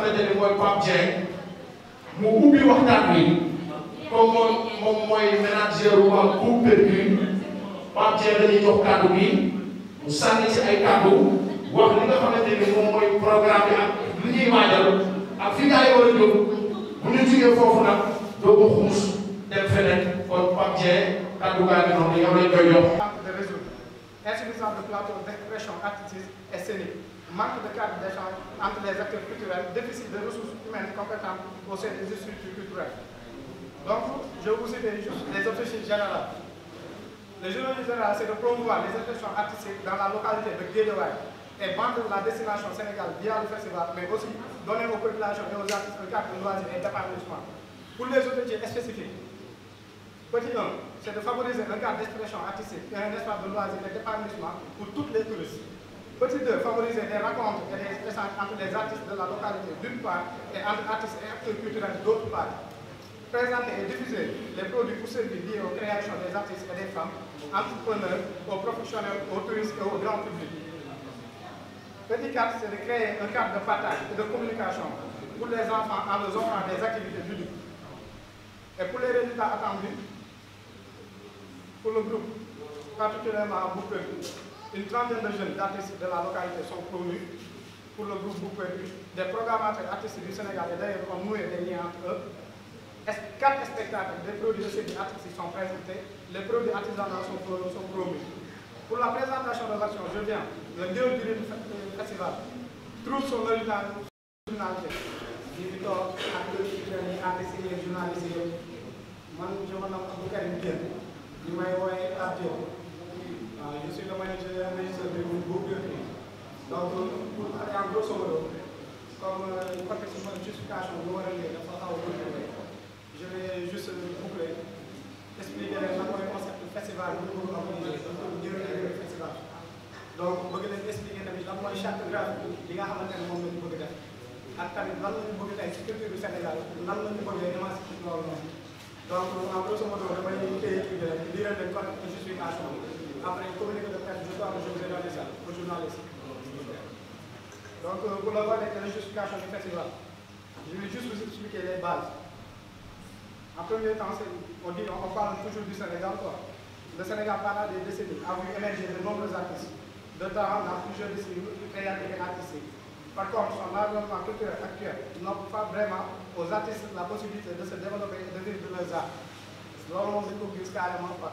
xamante ni mooy Pape Dieng mu ubbi waxtaan wi comme moom moom mooy manager wu waa groupe Percus Pape Dieng dañuy jox kàddu bi mu sànni ci ay kàddu wax li nga xamante ni moom mooy programme bi ak li ñuy waajal ak fi nga war a jóg bu ñu jugee foofu nag doo ko xuus dem feneen kon Pape Dieng kàddu gaa ngi noonu yow lañ koy jox. de réseau insuffisance de plateau d'expression artistique et scénique manque de cadre d'échange entre les acteurs culturels, déficit de ressources humaines compétentes au sein des structures culturelles. Donc, je vous cite juste les objectifs générales. Le journal général, c'est de promouvoir les expressions artistiques dans la localité de Guédewaï et vendre la destination sénégale via le festival, mais aussi donner aux populations et aux artistes le cadre de loisirs et d'épanouissement. Pour les objectifs spécifiques, petit c'est de favoriser un cadre d'expression artistique et un espace de loisirs et d'épanouissement pour toutes les touristes. Petit 2, favoriser les rencontres et les échanges entre les artistes de la localité d'une part et entre artistes et acteurs culturels d'autre part. Présenter et diffuser les produits ou services liés aux créations des artistes et des femmes, entrepreneurs, aux professionnels, aux touristes et au grand public. Petit 4, c'est de créer un cadre de partage et de communication pour les enfants en leur des activités ludiques. Et pour les résultats attendus, pour le groupe, particulièrement à Bouquet, une trentaine de jeunes d'artistes de la localité sont promus pour le groupe Bouperdu. Des programmateurs artistes du Sénégal et d'ailleurs ont noué des liens entre eux. Quatre spectacles des produits de ces artistes sont présentés. Les produits artisanaux sont, promus. Pour la présentation de l'action, je viens, le lieu du festival trouve son originalité. Victor, et journaliste. Moi, je Je m'appelle je suis le manager régisseur du groupe donc pour en grosso modo comme contexte de justification bu waral léegi dafa xaw a gudd je vais juste boucler expliquer leen lan mooy concept festival bi ñu ko organisé jërëjëf festival donc bëgg leen expliquer tamit lan mooy cartographie li nga xamante ne moom la ñu bëgg def ak tamit lan la ñu bëgg tey ci culture du Sénégal lan la ñu bëggee émanciper loolu noonu donc en grosso modo damay téye kii bi rek lii leen leen contexte justification bi après une communiqué de presse, je dois le journaliste, au journaliste. Donc, euh, pour voir, l'avoir les justifications du festival, je vais juste vous expliquer les bases. En premier temps, on, dit, on parle toujours du Sénégal. Quoi. Le Sénégal, pendant des décennies, a vu émerger de nombreux artistes. De temps, dans plusieurs décennies, créant des artistes. Par contre, son environnement culturel actuel n'offre pas vraiment aux artistes la possibilité de se développer et de vivre de leurs arts. L'homme se découvre carrément pas.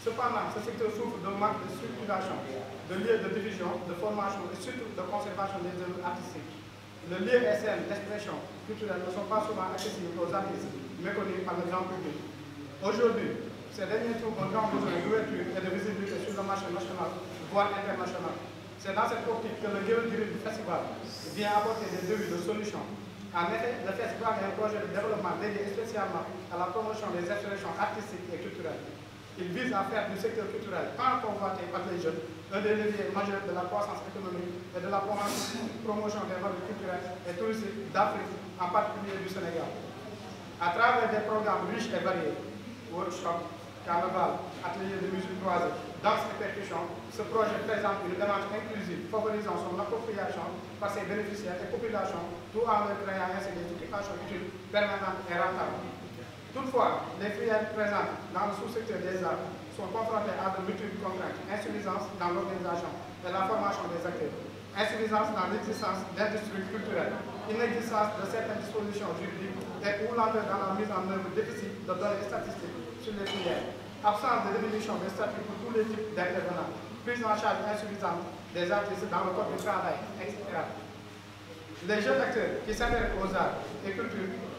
Cependant, ce secteur souffre de manque de structuration, de lieux de division, de formation et surtout de conservation des œuvres artistiques. Le lieu SN l'expression culturelle ne sont pas souvent accessibles aux artistes méconnus par le grand public. Aujourd'hui, ces derniers trouvent un grand besoin d'ouverture et de visibilité sur le marché national, voire international. C'est dans cette optique que le lieu du festival vient apporter des devis de solutions. En effet, le festival est un projet de développement dédié spécialement à la promotion des expressions artistiques et culturelles. Il vise à faire du secteur culturel tant convoité par les jeunes un des leviers majeurs de la croissance économique et de la promotion des valeurs culturelles et touristiques d'Afrique, en particulier du Sénégal. À travers des programmes riches et variés, workshops, carnaval, ateliers de musique croisée, danse et percussions, ce projet présente une démarche inclusive favorisant son appropriation par ses bénéficiaires et populations, tout en leur créant ainsi des occupations utiles, permanentes et rentables. Toutefois, les filières présentes dans le sous-secteur des arts sont confrontées à de multiples contraintes, insuffisance dans l'organisation et la formation des acteurs, insuffisance dans l'existence d'industries culturelles, inexistence de certaines dispositions juridiques et ou dans la mise en œuvre déficit de données statistiques sur les filières, absence de diminution des statuts pour tous les types d'intervenants, prise en charge insuffisante des artistes dans le corps du travail, etc. Les jeunes acteurs qui s'intéressent aux arts et cultures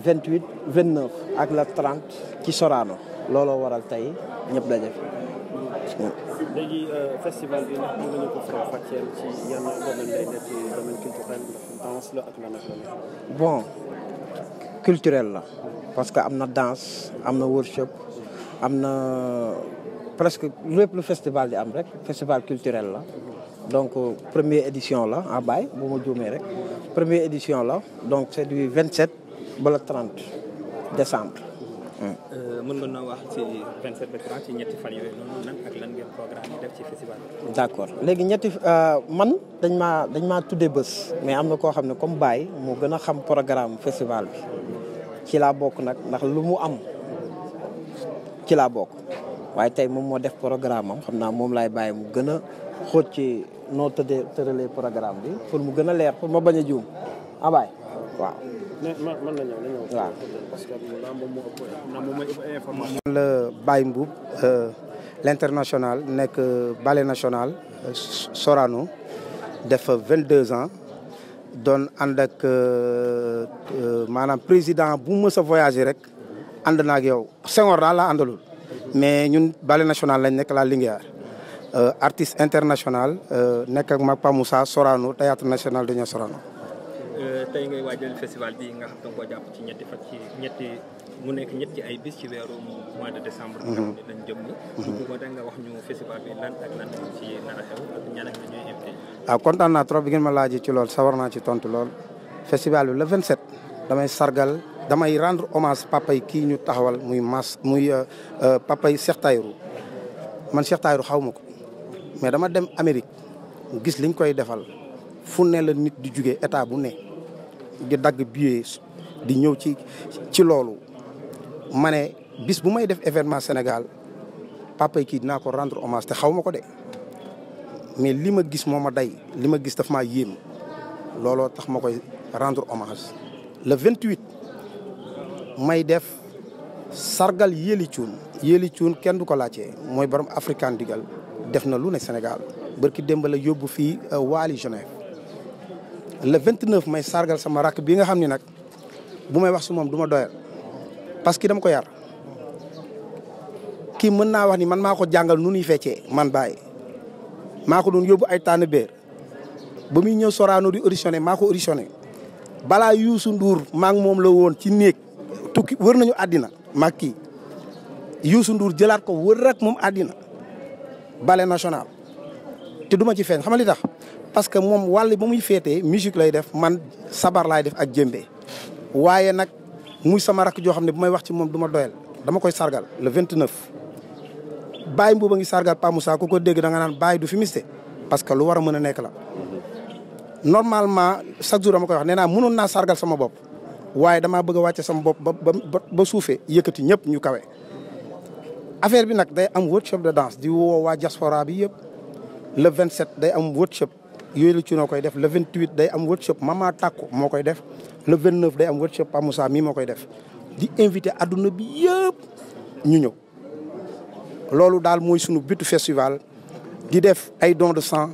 28 29 ak la 30 qui Sorano looloo waral tey ñëpp fait fi. Euh, festival bi nag ko domaine culturel nekk domaine culturel danse la ak bon culturel la parce que a la danse am a workshop le presque lépp le festival di am festival culturel la donc euh, première édition là, à Baye première édition là, donc c'est du 27. ba le 30 décembre. Euh, mën nga noo wax ci 27 ñetti fan yooyu noonu nan ak lan ngeen festival d'accord léegi ñetti euh, man dañ maa dañ maa tuddee bés. mais am na koo xam ne comme Baye moo gën a xam programme festival bi ci laa bokk nag ndax lu mu am ci laa bokk waaye tey moom moo def programme am xam naa moom laay bàyyi mu gën a xóot ci noo tëddee tëralee programme bi pour mu gën a leer pour ma bañ a juum ah Baye Le man la l'international, n'est que euh, ballet national euh, Sorano def 22 ans un ànd ak euh, maanaam président bu mës voyager voyagé rek ànd naa ak yow Senghor daal mais ñun ballet national lañ que la Euh, artiste international nekk ak m'a Moussa Sorano théâtre national de Sorano Euh, tey ngay waajal festival bi nga xam da nga ci ñetti mu nekk ñetti ay bis ci weeru mois de décembre. Mhm. dañ jëm ni. bu ko da nga wax ñu ak lan ah, kontaan naa trop bi ngeen ma laajee ci lool sawar naa ci tontu lool festival bi le 27 damay sargal damay rendre hommage papay kii ñu taxawal muy mas muy euh, euh, papay Cheikh Tayrou man Cheikh Tayrou xaw ma ko mais dama dem Amérique gis liñ koy defal fu ne la nit di jóge état bu ne. di dagg billet di ñëw ci ci loolu ma ne bis bu may def événement Sénégal papa kii dinaa ko rendre hommage te xaw ma ko de mais li ma gis moo ma day li ma gis daf ma yéem looloo tax ma koy rendre hommage le 28 may def sargal Yéli Cuun Yéli Cuun kenn du ko laajte mooy borom africain digal def na lu ne Sénégal bërki démb yóbbu fii euh, Waali Genève le 29 may sargal sama rak bi nga xamni ni bu may wax su mom duma doyal parce que dama ko yar ki meuna wax ni man mako jangal nu ni fecce man baye mako don doon ay tan beer bu mi ñew Sorano di auditioné mako auditioné bala yusu Ndour maa ngi la won ci neek tukki wër nañu adina makki yusu Ndour jëlat ko wër rek mom adina balé national té duma ci fenn xamali tax parce que mom wàll ba muy féetee musique lay def man sabar lay def ak djembé waaye nak muy sama rak jo xamné ne bu may wax ci mom duma ma doyal dama koy sargal le 29. Baye Mboup a ngi sargal Pa Moussa ku ko dégg da nga nan Baye du fi miste parce que lu wara mëna nek la normalement chaque jour dama koy wax néna naa na sargal sama bop waye dama bëgg a sama bop ba ba ba suufee yëkkati ñëpp ñu kawé affaire bi nak day am workshop de danse di wo wa diaspora bi yëpp le 27 day am workshop yooyu ci Cuunoo def le 28 day am workshop Mama takko moo koy def le 29 day am workshop Pa Moussa mii moo koy def di inviter aduna bi yeb ñu ñëw lolu dal moy sunu but festival di def ay dons de sang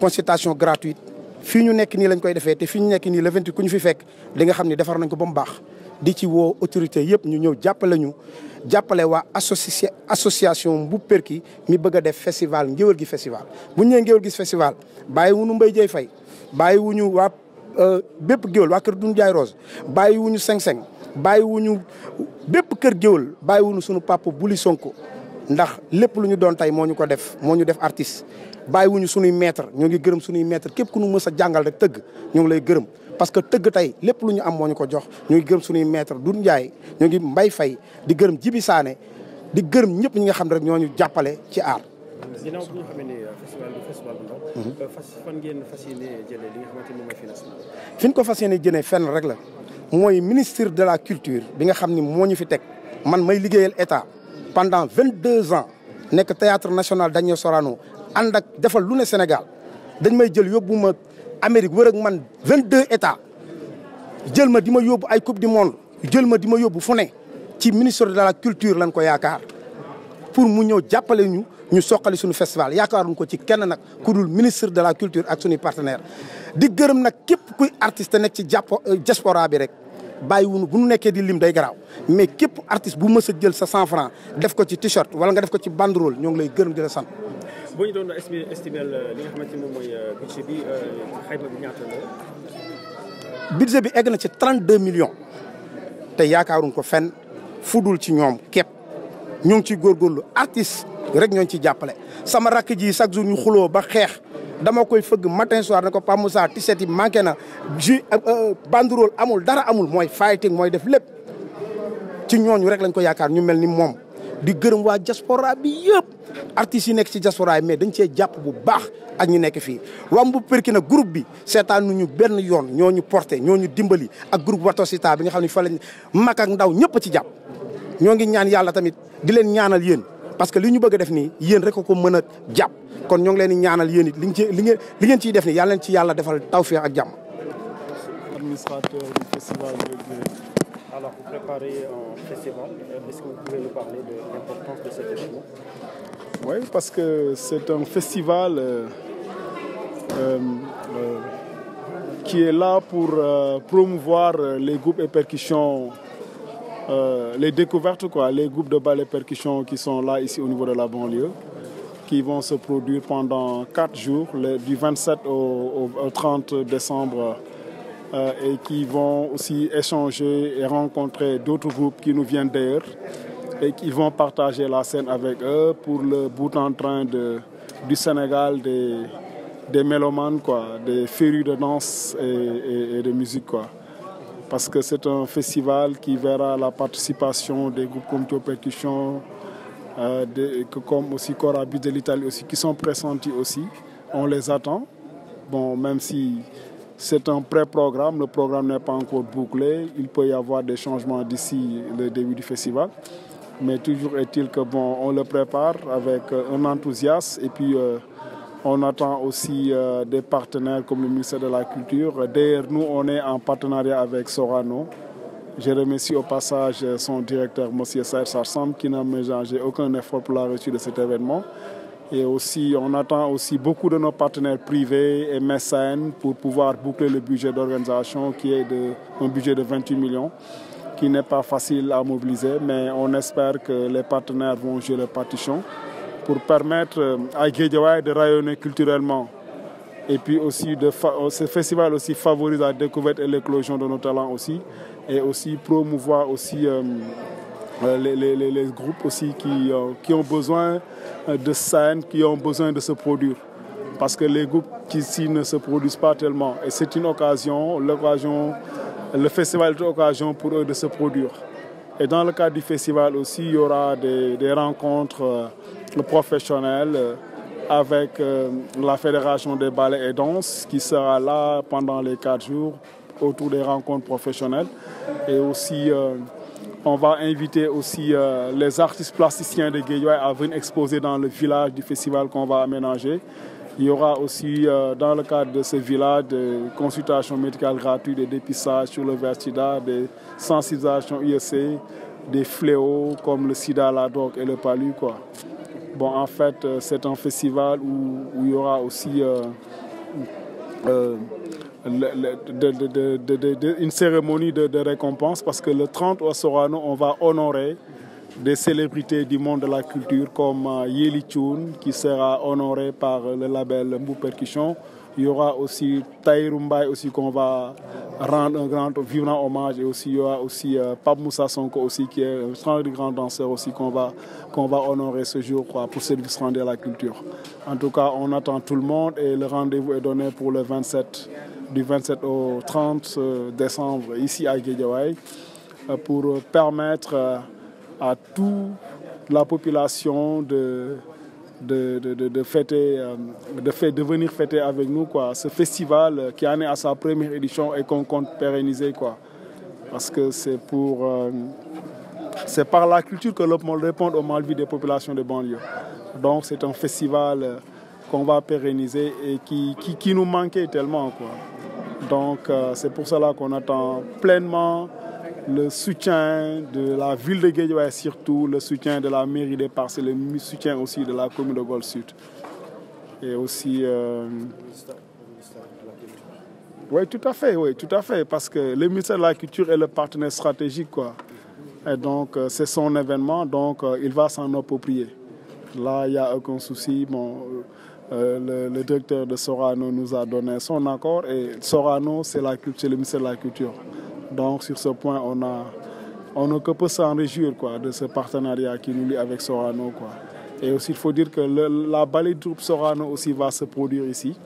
consultation gratuite fii ñu nekk nii lañ koy defé te fii ñu nekk le 28 kuñ fi fekk li nga xamni ne defar nañ ko ba baax di ci woo autorité yëpp ñu ñëw jàppale ñu jàppale waa associ association bu perki mi bëgg a def festival ngéwél gi festival bu ñu nee gi festival bàyyi wuñu mbay jay fay bàyyi wuñu waa euh, bépp géwél waa kër Doudou Ndiaye Rose bàyyi wuñu bépp kër géwél bàyyi wuñu suñu papa Buli Sonko ndax lépp lu ñu doon tey moo ñu ko def moo ñu def artiste bàyyi wuñu sunuy maître ñoo ngi gërëm suñuy maître képp ku nu mës a jàngal rek tëgg ñoo ngi lay gërëm parce que tëgg tey lépp lu ñu amooñu ko jox ñu ngi gërëm suñuy maître Doudou Ndiaye ñu ngi mbay fay di gërëm Jibi Sané di gërëm ñëpp ñi nga xam ne rek ñoo ñu jàppale ci aar. ginnaaw bi nga xam euh, mhm. euh, ngeen fas yéene jëlee li ko fas yéene jëlee fenn rek la mooy ministre de la culture bi nga xam ni moo ñu fi teg man may liggéeyal état pendant vingt deux ans nekk théâtre national Daniel Sorano ànd ak defal lu ne Sénégal dañ may jël yóbbu ma Amérique 22 états Je me di que coupe du monde je vous ministre de la culture pour mu nous nous ñu ñu sur suñu festival yaakaaruñ ko ci ministre de la culture et partenaire di le képp kuy artiste nekk ci euh, diaspora bi rek bu ñu mais képp artiste bu mës jël 100 francs. t-shirt ou nga def ko ci banderole lay boo ñu doon estimer euh, li nga xamante ne moom mooy euh, budget bi euh, xayma bi ñaata bi egg na ci 32 millions te yaakaaruñ ko fenn fudul ci ñoom képp ñu ngi ciy góorgóorlu artiste rek ñooñu ci jàppale sama rakk ji chaque jour ñu xuloo ba xeex. dama koy fëgg matin soir ne ko Pa Moussa tiset yi manqué na ju banderole amul dara amul mooy fighting mooy def lépp ci ñooñu rek lañ ko yaakaar ñu mel ni moom di gërëm waa diaspora bi yëpp artistes yi nekk ci diaspora yi mais dañ cee jàpp bu baax ak ñu nekk fii wam bu përki na groupe bi seetaan nu ñu benn yoon ñoo ñu porté ñoo ñu dimbali ak groupe Watosita bi nga xam ne fa lañ mag ak ndaw ñëpp ci jàpp ñoo ngi ñaan yàlla tamit di leen ñaanal yéen parce que li ñu bëgg a def nii yéen rek a ko mën a jàpp kon ñoo ngi leen di ñaanal yéen it li ngeen li ngeen li ngeen ciy def nii yàlla leen ci yàlla defal tawféex ak jàmm Alors, vous préparez un festival. Est-ce que vous pouvez nous parler de l'importance de cet événement Oui, parce que c'est un festival euh, euh, euh, qui est là pour promouvoir les groupes et percussions, les découvertes, quoi, les groupes de ballet percussions qui sont là ici au niveau de la banlieue qui vont se produire pendant quatre jours, du 27 au 30 décembre euh, et qui vont aussi échanger et rencontrer d'autres groupes qui nous viennent d'ailleurs et qui vont partager la scène avec eux pour le bout en train de, du Sénégal, des, des mélomanes, quoi, des férus de danse et, de musique. Quoi. Parce que c'est un festival qui verra la participation des groupes comme Tio Percussion, euh, comme aussi Corabus de l'Italie aussi, qui sont pressentis aussi. On les attend. Bon, même si c'est un pré-programme, le programme n'est pas encore bouclé, il peut y avoir des changements d'ici le début du festival. Mais toujours est-il que bon, on le prépare avec euh, un enthousiasme et puis euh, on attend aussi euh, des partenaires comme le ministère de la Culture. D'ailleurs, nous, on est en partenariat avec Sorano. Je remercie au passage son directeur, M. Saïd Sarsam, qui n'a ménagé aucun effort pour la réussite de cet événement. Et aussi, on attend aussi beaucoup de nos partenaires privés et mécènes pour pouvoir boucler le budget d'organisation qui est un budget de 28 millions, qui n'est pas facile à mobiliser, mais on espère que les partenaires vont jouer le partition pour permettre euh, à Guédiawaye de rayonner culturellement. Et puis aussi, de euh, ce festival aussi favorise la découverte et l'éclosion de nos talents aussi, et aussi promouvoir aussi euh, euh, les, groupes aussi qui, euh, qui ont besoin euh, de scènes, qui ont besoin de se produire. Parce que les groupes qui ici ne se produisent pas tellement. Et c'est une occasion, l'occasion, le festival est une occasion pour eux de se produire. Et dans le cadre du festival aussi, il y aura des, des rencontres professionnelles avec la Fédération des ballets et danses qui sera là pendant les quatre jours autour des rencontres professionnelles et aussi on va inviter aussi euh, les artistes plasticiens de Guéjoy à venir exposer dans le village du festival qu'on va aménager. Il y aura aussi, euh, dans le cadre de ce village, des consultations médicales gratuites, des dépistages sur le vertida, des sensibilisations ISC, des fléaux comme le sida, la drogue et le palu. Bon, en fait, euh, c'est un festival où, il y aura aussi une cérémonie de, récompense parce que le 30 au Sorano, on va honorer des célébrités du monde de la culture comme euh, Yeli Chun qui sera honoré par le label Mbou Percussion. Il y aura aussi Taïrumbay aussi qu'on va rendre un grand vivant hommage et aussi il y aura aussi euh, Pape Moussa Sonko aussi qui est un grand, grand danseur aussi qu'on va qu'on va honorer ce jour quoi, pour se rendre à la culture. En tout cas, on attend tout le monde et le rendez-vous est donné pour le 27 du 27 au 30 euh, décembre ici à Guédiawaï euh, pour euh, permettre à toute la population de, de, fêter, de, venir fêter avec nous quoi, ce festival qui en est à sa première édition et qu'on compte pérenniser. Quoi. Parce que c'est pour... c'est par la culture que l'on répond au mal-vie des populations de banlieue. Donc c'est un festival qu'on va pérenniser et qui, qui, qui nous manquait tellement. Quoi. Donc euh, c'est pour cela qu'on attend pleinement le soutien de la ville de et surtout, le soutien de la mairie des et le soutien aussi de la commune de Gol Sud. Et aussi... Euh... Oui, tout à fait, oui, tout à fait, parce que le ministère de la Culture est le partenaire stratégique, quoi. Et donc, euh, c'est son événement, donc euh, il va s'en approprier. Là, il n'y a aucun souci. Euh, le, directeur de Sorano nous a donné son accord et Sorano, c'est la culture, le ministère de la Culture. Donc sur ce point, on a on ne peut s'en réjouir quoi, de ce partenariat qui nous lie avec Sorano. Quoi. Et aussi, il faut dire que la ballet troupe Sorano aussi va se produire ici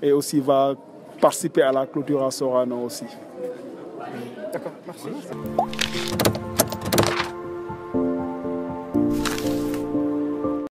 et aussi va participer à la clôture à Sorano aussi.